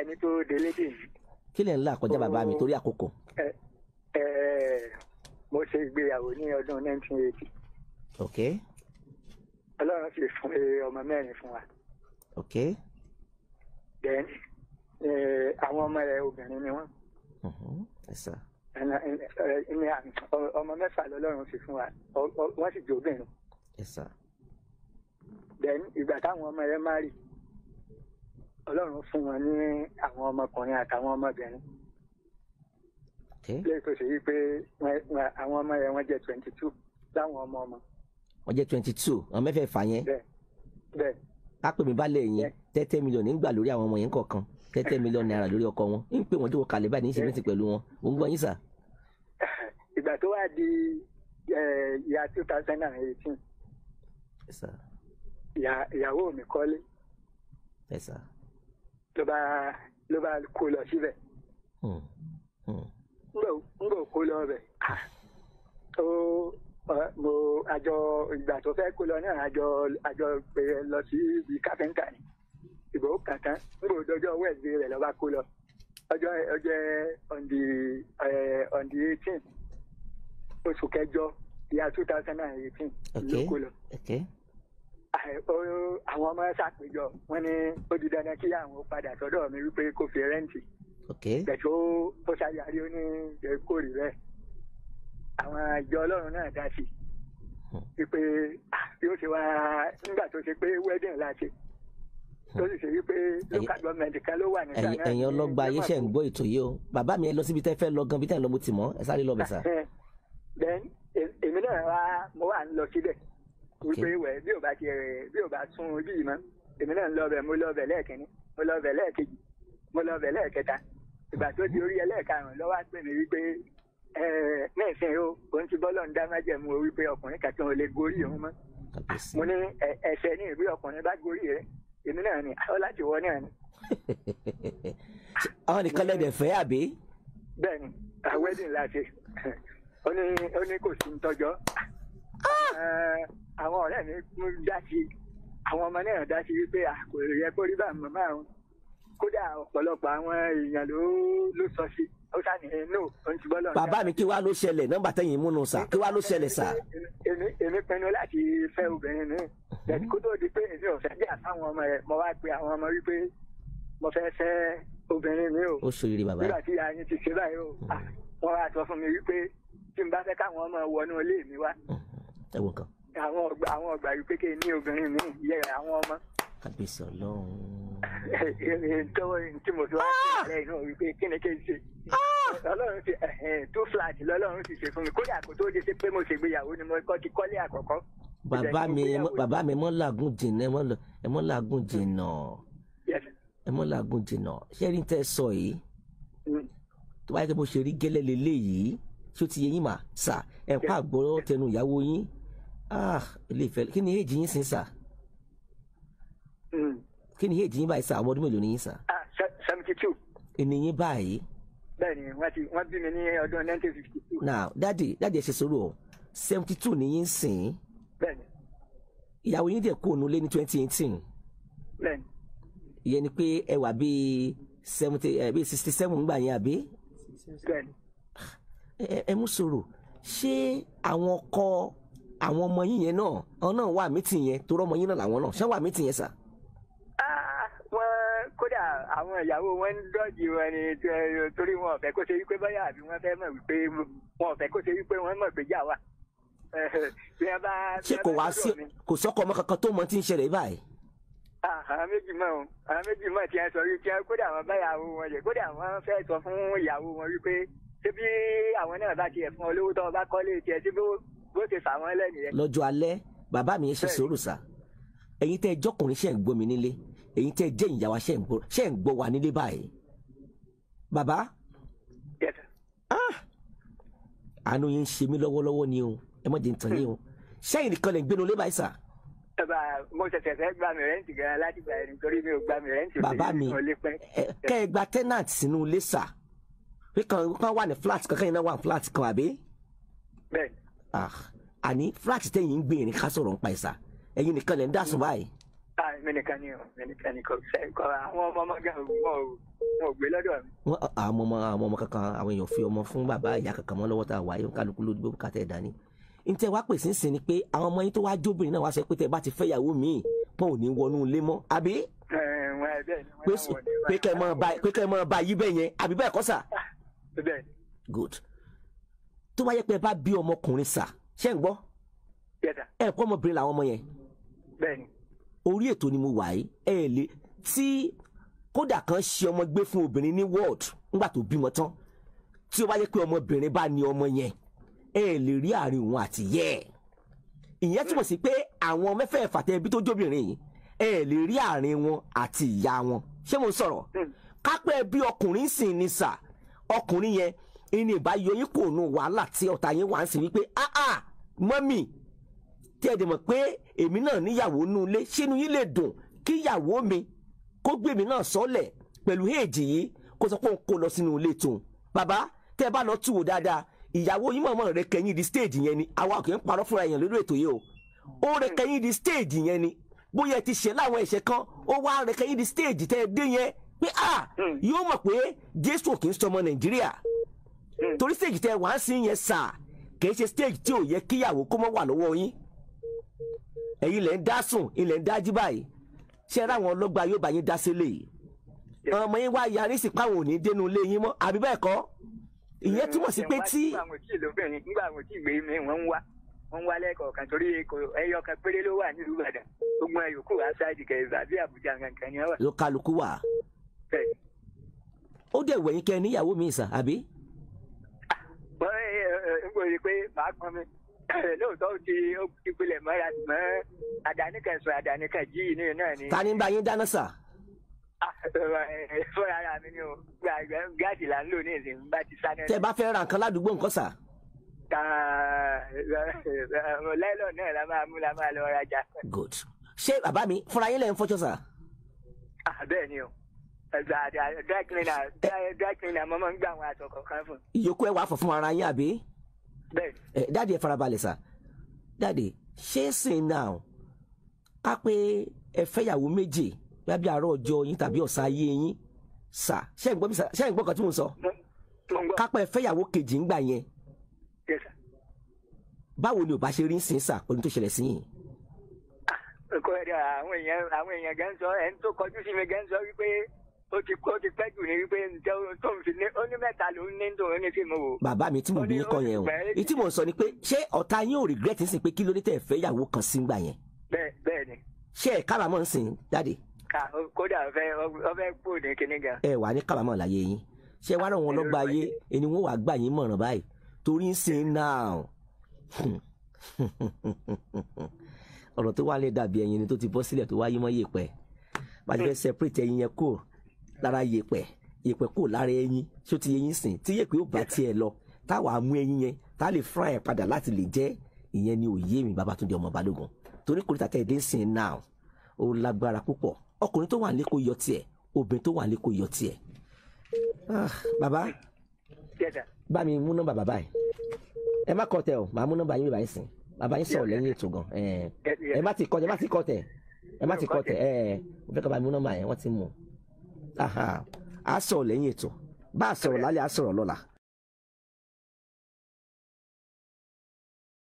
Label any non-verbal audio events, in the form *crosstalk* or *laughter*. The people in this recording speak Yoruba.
ẹni tó délé dè mí. kí lè ń là kọjá bàbá mi torí àkókò. ẹ ẹ mo ṣe ìgbéyàwó ní ọdún 1980. ok. ọlọ́run sì fún ọmọ mẹ́rin fún wa. ok. then àwọn ọmọ rẹ̀ obìnrin ni wọ́n. Mhm, ọmọ mẹ́fà lọ́lọ́run sì fún wa wọ́n sì jẹ́ obìnrin. then ìgbà táwọn ọmọ rẹ̀ máa rí i. Ọlọ́run fún wọn ní àwọn ọmọkùnrin àtàwọn ọmọbìnrin lẹ́yìn tó ṣe yí pé àwọn ọmọ yẹn wọ́n jẹ́ twenty two láwọn ọmọ ọmọ. wọ́n jẹ́ twenty two àwọn mẹ́fẹ̀ẹ̀fà yẹn. bẹ́ẹ̀ bẹ́ẹ̀. a pè mí balẹ̀ yẹn tẹ́tẹ́ mílíọ̀nù nígbà lórí àwọn ọmọ yẹn kọ̀ọ̀kan tẹ́tẹ́ mílíọ̀nù náírà lórí ọkọ wọn ń pè wọ́n jókòó kalẹ̀ báyìí ní ìṣẹ́mẹ́sì pẹ̀lú wọn ò ń gbọ́ yín sà. *laughs* ìgbà tó wá di ìyá two thousand and eighteen ìyàwó mi kọ́lé. ẹ sà ló bá ló bá kó lọ síbẹ̀ hmm. hmm. n bò kó lọ bẹ̀ ó mo àjọ ìgbà tó fẹ́ kó lọ náà àjọ àjọ pé lọ sí ibi káfíńtà ni ìbò kàtán n bò dọjọ́ wẹ́ẹ̀dì rẹ̀ lọ́ba kó lọ ọjọ́ ọjọ́ on the on the eighteen oṣù kẹjọ ìyá two thousand and eighteen ló kó lọ àwọn ọmọ ṣàpèjọ wọn ni ó di dandan kí àwọn padà sọ́dọ̀ mi wípé kò fi rẹ́ǹtì bẹ̀tọ́ ó ṣàyàrí ó ní ìkórè rẹ̀ àwọn ìjọ ọlọ́run náà dá sí hmm. wípé yóò ah, ṣe wá nígbà tó ṣe pé wedding la ṣe hmm. tó sì ṣe wípé local government kan ló wà nígbà náà. ẹ̀yin ọlọ́gba ayé ṣe ń gbọ́ ètò yìí o bàbá mi ẹ lọ síbi tẹ́ fẹ́ lọ gan bí tẹ́ ń lọ mo ti mọ̀ ẹ sáré lọ bẹ̀ sá. E, èmi náà wá mo wà ń lọ síbẹ̀ wípé wẹ̀ bí ò bá ti rẹ̀ bí ò bá tún ojú yìí mọ́ èmi náà ń lọ bẹ̀ mo lọ bẹ̀ lẹ́ẹ̀kínní mo lọ bẹ̀ lẹ́ẹ̀kejì mo lọ bẹ̀ lẹ́ẹ̀kẹta ìgbà tó di orí ẹlẹ́ẹ̀karùn-ún lọ́wọ́ pè mí wípé ní ìsìn o òun ti bọ́ lọ́n dá májẹ̀mú o wípé ọkùnrin kàtí òun lè gorí òun mọ́ mo ní ẹsẹ̀ ní ìwé ọkùnrin bá gorí rẹ̀ èmi náà ni ọ láti wọ náà ni. àwọn nìkan lẹ́bẹ̀ fẹ́ àbí. bẹ́ẹ̀ni wedding la ṣe ó ní kò sí ń tọ́jọ́ ah! àwọn ọ̀rẹ́ mi ń dá sí àwọn ọmọ náà dá sí wípé kò yẹ kó rí bá màmá àwọn kódà ọ̀pọ̀lọpọ̀ àwọn èèyàn ló ló sọ sí ó sá ní inú oṣù bọ́lọ̀. bàbá mi kí wàá ló ṣẹlẹ̀ nọ́mbà tẹ̀yìn múnú sà kí wàá ló ṣẹlẹ̀ sà. èmi pinnu láti fẹ́ obìnrin mi bẹ́ẹ̀ kó tó di pé èmi ò fẹ́ jà fáwọn ọmọ rẹ̀ mo wá pe àwọn ọmọ wípé mo fẹ́ fẹ́ obìnrin mi o. ó sọ yìí bàbá. nígbà tí ayin ti ṣe báyìí o wọ́n wá sọ fún mi wípé tí n bá fẹ́ káwọn ọmọ wọnú ilé mi wá. ẹ wọ kan àwọn ọgbà àwọn ọgbà yìí kékeré ní obìnrin mi yẹ àwọn ọmọ. kábíyèsí ọlọ́run. tọwọ tí mo fi wá sí ìlẹ̀ ah! inú wípé kí ni kí n ṣe. Ah! ọlọ́run ti tó flat lọ́lọ́run ti ṣe fún mi kódà kó tó dé sí pé mo ṣègbéyàwó ni mo kọ́ ti kọ́lé àkọ́kọ́. bàbá mi bàbá mi mọ́ làágùn jìnnà ẹ mọ́ làágùn jìnnà ẹ mọ́ làágùn jìnnà ṣẹ́ni tẹ́ sọ yìí mm. tó bá yẹ kí mo ṣe rí gẹ́lẹ́ lélẹ́yìí tí ó ti yẹ yín mà sà ẹ̀ ń tẹnu ìyàwó yín ah ilé ìfẹ́ kí ni èjì yín sin sà hmm. kí ni èjì yín báyìí sà ọmọ ọdún mélòó ni yín sà. Ah, seventy two. ènìyàn báyìí. bẹ́ẹ̀ni wọ́n ti wọ́n bí mi ní ọdún nineteen fifty two. now dadi dadi ẹ ṣe sọ̀rọ̀ o seventy two ni yín sìn. bẹ́ẹ̀ni. ìyàwó yín dẹ̀ kú òun lé ní twenty eighteen. bẹ́ẹ̀ni. ìyẹn ni pé ẹ wà bíi seventy ẹ eh, bíi sixty seven gbà yín àbí. bẹ́ẹ̀ni. Ah, ẹ ẹ mú sọ̀rọ̀ ṣé àwọn ọkọ àwọn ọmọ yín yẹn náà ọ náà wà mítìn yẹn torọ ọmọ yín náà làwọn náà ṣé wà mítìn yẹn sà. Ah, wọ́n kódà àwọn ìyàwó wọn ń dọ́jì wọn ni torí wọn ò kó ṣe wípé báyà àbí wọ́n fẹ́ mọ̀ wípé wọn ò kó ṣe wípé wọ́n mọ̀ pé jà wà. *laughs* ṣé kò wá sí kò sọ́kọ̀ ọmọ kankan tó mọ tí ń ṣẹlẹ̀ báyìí. Ah, àwọn méjì mọ̀ o àwọn méjì mọ̀ tí wọ́n sọ wípé kódà àwọn báyà wọn yẹ kódà wọ́n fẹ́ sọ fún ìyàwó wọn wípé ṣé bí àwọn náà bá tiẹ̀ fún olówó tó bá kọ́lé tiẹ̀ síbí bó ṣe fà wọ́n lẹ́nìyẹn. lọ́jọ́ alẹ́ bàbá mi ń ṣe sòrò sá ẹ̀yin tẹ́ ẹ jọkùnrin ṣe ń gbọ́ mi nílé ẹ̀yin tẹ́ ẹ jẹ́ ìyá wa ṣe ń gbọ́ wa nílé báyìí bàbá ah! àánú yín ń ṣe mí lọ́wọ́lọ́wọ́ ni o ẹ má jẹ́ ń tàn o ṣẹ́yìn nìkan lè gbénu lé báyìí sà ẹ bá mo ṣẹ̀ṣẹ̀ fẹ́ gba mi rẹ́ǹtì gan láti gba ẹni torí mi ò gba mi rẹ́ǹtì bàbá mi kẹ́ ẹ gba tenant sínú ilé sà pé kan wà ní flat kankan yìí náà wà ní flat kan àbí. bẹ́ẹ̀ni Ah, àní flax tẹ̀yìn ń gbé ní ká sọ̀rọ̀ ń pa ìsà ẹ̀yin nìkan lẹ̀ ń dá sùn báyìí. Ah, mi nìkan ni o mi nìkan ni kò fẹ́ kọ́ àwọn ọmọ ọmọ gan wọn ò wọn ò gbé lọ́dọ̀ mi. àwọn ọmọ àwọn ọmọ kankan àwọn èèyàn fi ọmọ fún bàbá ìyá kankan mọ́ lọ́wọ́ tá a wáyé kálukú ló dúró kàtẹ́ dání. n tẹ wá pèsè ńsìn ni pé àwọn ọmọ yín tó wá jóbìnrin náà wá sọ pé tẹ bá ti fẹ́ ìyàwó míì pọ́n ò ní wọnú ilé mọ́ àbí. pé kẹ́ ẹ mọ bá yí bẹ́ẹ̀ yẹn àbí bẹ́ẹ̀ kọ́ sà. Ah, good tó bá yẹ pé ẹ bá bí ọmọkùnrin sà ṣé ń gbọ́ ẹ kọ́ ọmọbìnrin làwọn ọmọ yẹn orí ètò ni mo wà yìí ẹ lè tí kódà kan ṣe ọmọ gbé fún obìnrin ní ward nígbà tó bímọ tán tí ó bá yẹ pé ọmọbìnrin bá ní ọmọ yẹn ẹ lè rí àárín òun àti yẹ ẹ ìyẹn túmọ̀ sí pé àwọn mẹ́fẹ̀ẹ̀fà tẹ ẹbí tó jóbìnrin yìí ẹ lè rí àárín wọn àti ìyá wọn ṣé mo sọ̀rọ̀ hmm. kápẹ́ bí ọkùnrin sì ni sà ọkùnrin yẹn ìní ìbáyọ yín kò nu wàhálà tí ọ̀tá yín wà ń sìn wípé ah, ah mọ́mì tí ẹ dẹ̀ mọ̀ pé èmi náà níyàwó nú ilé ṣínú yín lè dùn kíyàwó mi kó gbé mi náà sọ́lẹ̀ pẹ̀lú èjì yìí kó sọ pé òun kò lọ sínú ilé tòun bàbá tẹ́ bá lọ tù wò dáadáa ìyàwó yín mọ̀mọ́ rẹ kẹyìn di stage yẹn ni àwa kì í parọ́ fúnra èèyàn lórí ètò yìí o ó rẹ kẹyìn di stage yẹn ni bóyá ẹ ti ṣe láwọn ẹ̀ṣẹ̀ kan ó wá rẹ kẹyìn di stage tẹ́ ẹ dé yẹn pé ah hmm. yóò mọ̀ pé Jésù kì í sọmọ Nàìjíríà. torí stage tẹ wá sí yẹn sà kì stage tí ò yẹ kíyàwó kó mọ́ wà lọ́wọ́ yín ẹ̀yin lẹ́ ń dá ilẹ̀ ń báyìí ṣe ọlọ́gba yóò bá yín dá sílé ọmọ yín wá yarí sí páwọn òní dénú ilé mọ́ àbí bẹ́ẹ̀ kọ́ ìyẹn sí pé tí. nígbà àwọn tí mi ń wá ń wá kò rí i pé màá pọn mi *clears throat* lóòótọ́ ti ó ti pilẹ̀ mọ́ mọ́ àdánìkan sùn àdánìkan jí inú náà ni. ta ni bá yín dáná sà. Ah, *laughs* fúnra ara mi ni o gáàsì là ń lò ní ìsìn bá ti sá náà. tẹ bá fẹ́ ra nǹkan ládùúgbò nǹkan sà lẹ́lọ̀ *laughs* náà la máa mú la máa lọ rajà. good ṣé bàbá mi fúnra yín lẹ́yìn fọ́jọ́ sà. Ah, bẹ́ẹ̀ ni o dry cleaner eh, eh. dry cleaner mo máa ń gbà àwọn aṣọ kọ̀ọ̀kan fún. ìyókù ẹ wàá fọ fún ara yín àbí. Eh, dáàdì ẹ farabalẹ̀ sà dáàdì ṣé sìn náà á pé ẹ fẹ́yàwó méje bíi àárọ̀ ọjọ́ yín tàbí ọ̀sán ayé yín sà ṣé ẹ̀ ń gbọ́ kan tí mò ń sọ kápẹ́ fẹ́yàwó kejì ń gbà yẹn báwo ni ò bá ṣe rí sìn sà pẹ̀lú tó ṣẹlẹ̀ sí yìí kó ẹ àwọn èèyàn àwọn èèyàn gẹ́ ń sọ ẹ̀ tó kọjú sí mi gẹ́ ń sọ wípé ó ti kó ti pẹ́ ní wípé ǹjẹ́ tó ń fi ní ó ní mẹ́ta ló ń ní dùn ó ní fíìmù o. bàbá mi tí mo bí yín kọ yẹn o tí mo sọ ni pé ṣé ọ̀tá yín ò regret sí pé kí ló dé tẹ̀ fẹ́ yàwó kan sí gbà yẹn. bẹ́ẹ̀ bẹ́ẹ̀ ni. ṣé ẹ kábàámọ̀ ń sìn dáde. ká kódà ọfẹ ọfẹ kú ní kinní gan. ẹ wà ní kábàámọ̀ láyé yín ṣé wàá ràn wọn lọ́gbà ayé ẹni wọn wàá gbà yín mọ̀ràn *laughs* ọ̀rọ̀ tó wà lè dàbí ẹyin ni tó ti bọ́ sílẹ̀ tó wáyé mọ́ yèpẹ́ bá ti fẹ́ separate ẹyin yẹn kúrò lára yèpẹ̀ yèpẹ̀ kò lára ẹyin tí ó ti ẹyin sìn tí yèpẹ̀ ó bá tiẹ̀ lọ táwa mú ẹyin yẹn tá lè fry ẹ̀ padà láti lè jẹ́ ìyẹn ni òye mi Babátúndé ọmọ Balógun torí kò ní tàtẹ́ ìdí sìn náà ó lágbára púpọ̀ ọkùnrin tó wà ní kò yọ tiẹ̀ obìnrin tó wà ní kò yọ tiẹ̀. Ah, bàbá bá mi mú nọ́mbà bàbá yìí ẹ má kọ tẹ o màá mú nọ́mbà yín bàbá yín sìn bàbá yín sọ̀rọ̀ lẹ́yìn ètò gan ẹ má ti kọ tẹ ẹ má ti kọ ẹ mo fẹ́ kọ́ bá mi mú nọ́mbà yẹn wọ́n ti mú un a sọ̀rọ̀ lẹ́yìn ètò bá a sọ̀rọ̀ lálẹ́ a lọ́la.